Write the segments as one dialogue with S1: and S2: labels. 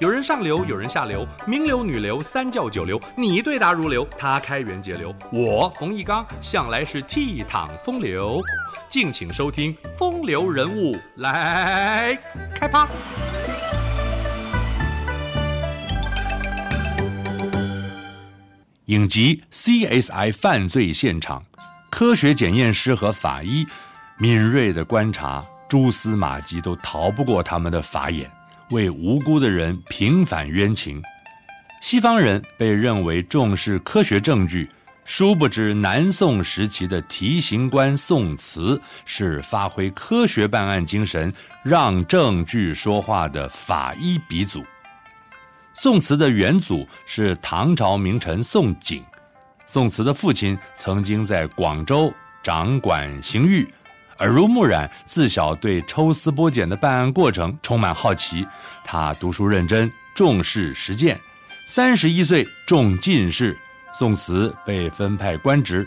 S1: 有人上流，有人下流，名流、女流、三教九流，你對答如流，他開源節流，我馮翊綱向來是倜儻風流。敬請收聽《風流人物》來，來開趴。影集《CSI 犯罪現場》，科學檢驗師和法醫敏銳的觀察蛛絲馬跡，都逃不過他們的法眼。為無辜的人平反冤情。西方人被認為重視科學證據，殊不知南宋時期的提刑官宋慈是發揮科學辦案精神，讓證據說話的法醫鼻祖。宋慈的元祖是唐朝名臣宋璟，宋慈的父親曾經在廣州掌管刑獄。耳濡目染，自小對抽絲剝繭的辦案過程充滿好奇。他讀書認真，重視實踐。三十一歲中進士，宋慈被分派官職。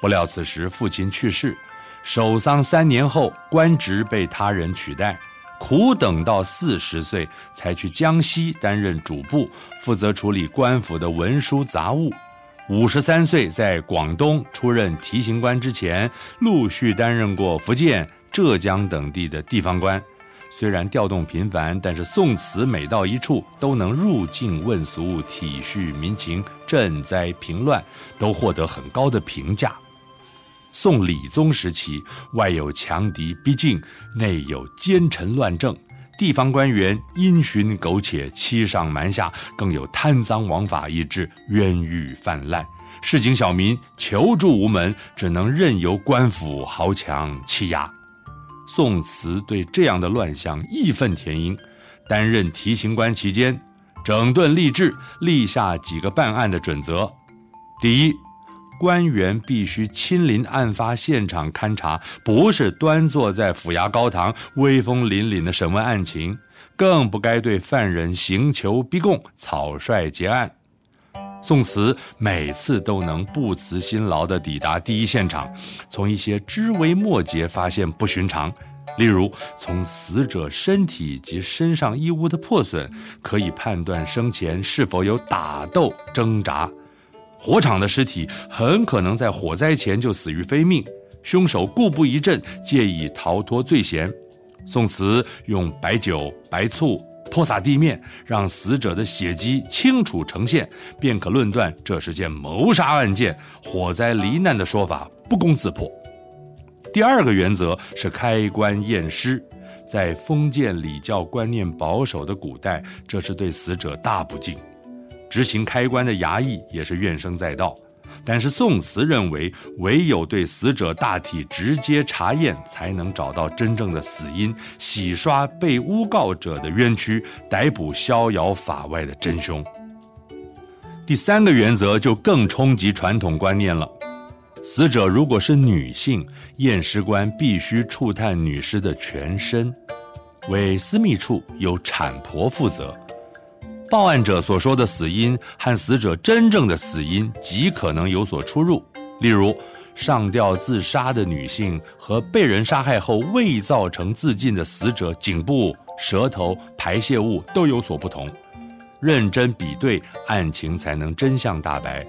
S1: 不料此時父親去世，守喪三年後，官職被他人取代，苦等到四十歲才去江西擔任主簿，負責處理官府的文書雜務。五十三歲，在廣東出任提刑官之前，陸續擔任過福建、浙江等地的地方官。雖然調動頻繁，但是宋慈每到一處都能入境問俗，體恤民情，賑災平亂，都獲得很高的評價。宋理宗時期，外有強敵逼近，內有奸臣亂政。地方官員因循苟且、欺上瞞下，更有貪贓枉法，以致冤獄氾濫，市井小民求助無門，只能任由官府豪強欺壓。宋慈對這樣的亂象義憤填膺，擔任提刑官期間，整頓吏治，立下幾個辦案的準則：第一。官員必須親臨案發現場勘查，不是端坐在府衙高堂威風凜凜的審問案情，更不該對犯人刑求逼供、草率結案。宋慈每次都能不辭辛勞地抵達第一現場，從一些枝微末節發現不尋常。例如，從死者身體及身上衣物的破損，可以判斷生前是否有打鬥、掙扎。火場的屍體很可能在火災前就死於非命，兇手故布疑陣，借以逃脫罪嫌。宋慈用白酒、白醋潑灑地面，讓死者的血跡清楚呈現，便可論斷這是件謀殺案件。火災罹難的說法不攻自破。第二個原則是開棺驗屍，在封建禮教觀念保守的古代，這是對死者大不敬。執行開棺的衙役也是怨聲載道，但是宋慈認為，唯有對死者大體直接查驗，才能找到真正的死因，洗刷被誣告者的冤屈，逮捕逍遙法外的真凶。第三個原則就更衝擊傳統觀念了：死者如果是女性，驗屍官必須觸探女屍的全身，為私密處由產婆負責。報案者所說的死因和死者真正的死因極可能有所出入，例如，上吊自殺的女性和被人殺害後未造成自盡的死者，頸部、舌頭、排泄物都有所不同。認真比對案情，才能真相大白。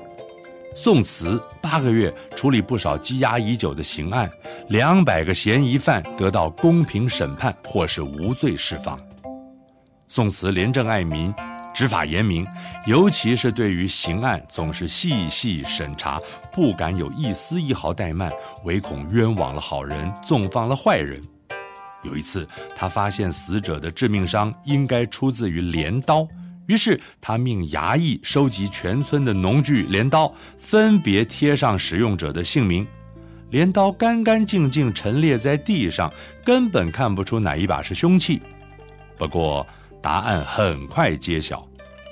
S1: 宋慈八個月處理不少積壓已久的刑案，兩百個嫌疑犯得到公平審判或是無罪釋放。宋慈廉政愛民。執法嚴明，尤其是對於刑案，總是細細審查，不敢有一絲一毫怠慢，唯恐冤枉了好人，縱放了壞人。有一次，他發現死者的致命傷應該出自於鐮刀，於是他命衙役收集全村的農具鐮刀，分別貼上使用者的姓名。鐮刀乾干淨淨陳列在地上，根本看不出哪一把是凶器。不過，答案很快揭曉，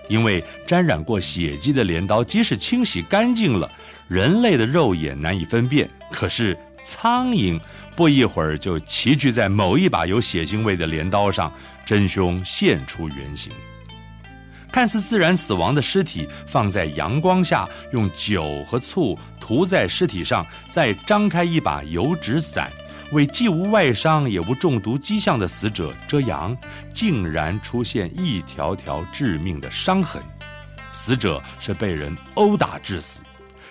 S1: 因為沾染過血跡的鐮刀即使清洗乾淨了，人類的肉眼難以分辨。可是蒼蠅不一會兒就齊聚在某一把有血腥味的鐮刀上，真凶現出原形。看似自然死亡的屍體放在陽光下，用酒和醋塗在屍體上，再張開一把油紙傘。為既無外傷也無中毒跡象的死者遮陽，竟然出現一條條致命的傷痕，死者是被人毆打致死。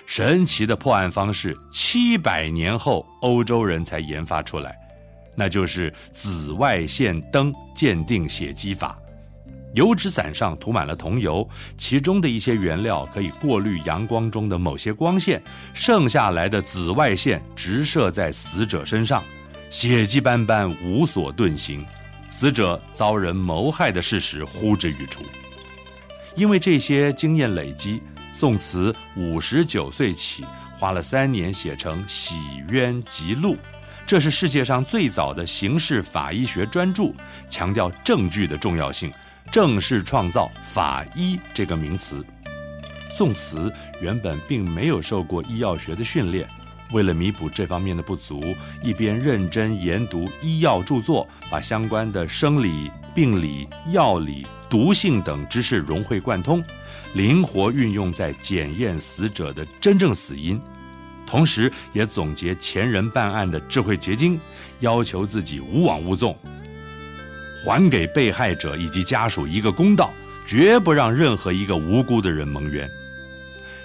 S1: 神奇的破案方式，七百年後歐洲人才研發出來，那就是紫外線燈鑑定血跡法。油紙傘上塗滿了桐油，其中的一些原料可以過濾陽光中的某些光線，剩下來的紫外線直射在死者身上，血跡斑斑，無所遁形。死者遭人謀害的事實呼之欲出。因為這些經驗累積，宋慈五十九歲起花了三年寫成《洗冤集錄》，這是世界上最早的刑事法醫學專著，強調證據的重要性。正式創造“法醫”這個名詞。宋慈原本並沒有受過醫藥學的訓練，為了彌補這方面的不足，一邊認真研讀醫藥著作，把相關的生理、病理、藥理、毒性等知識融會貫通，靈活運用在檢驗死者的真正死因，同時也總結前人辦案的智慧結晶，要求自己勿枉勿縱。還給被害者以及家屬一個公道，絕不讓任何一個無辜的人蒙冤。《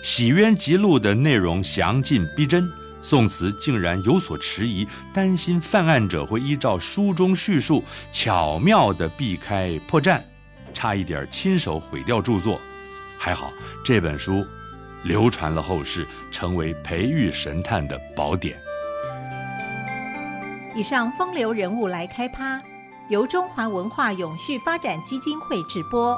S1: 洗冤集錄》的內容詳盡逼真，宋慈竟然有所遲疑，擔心犯案者會依照書中敘述，巧妙地避開破綻，差一點親手毀掉著作。還好這本書流傳了後世，成為培育神探的寶典。以上風流人物來開趴，由中華文化永續發展基金會直播。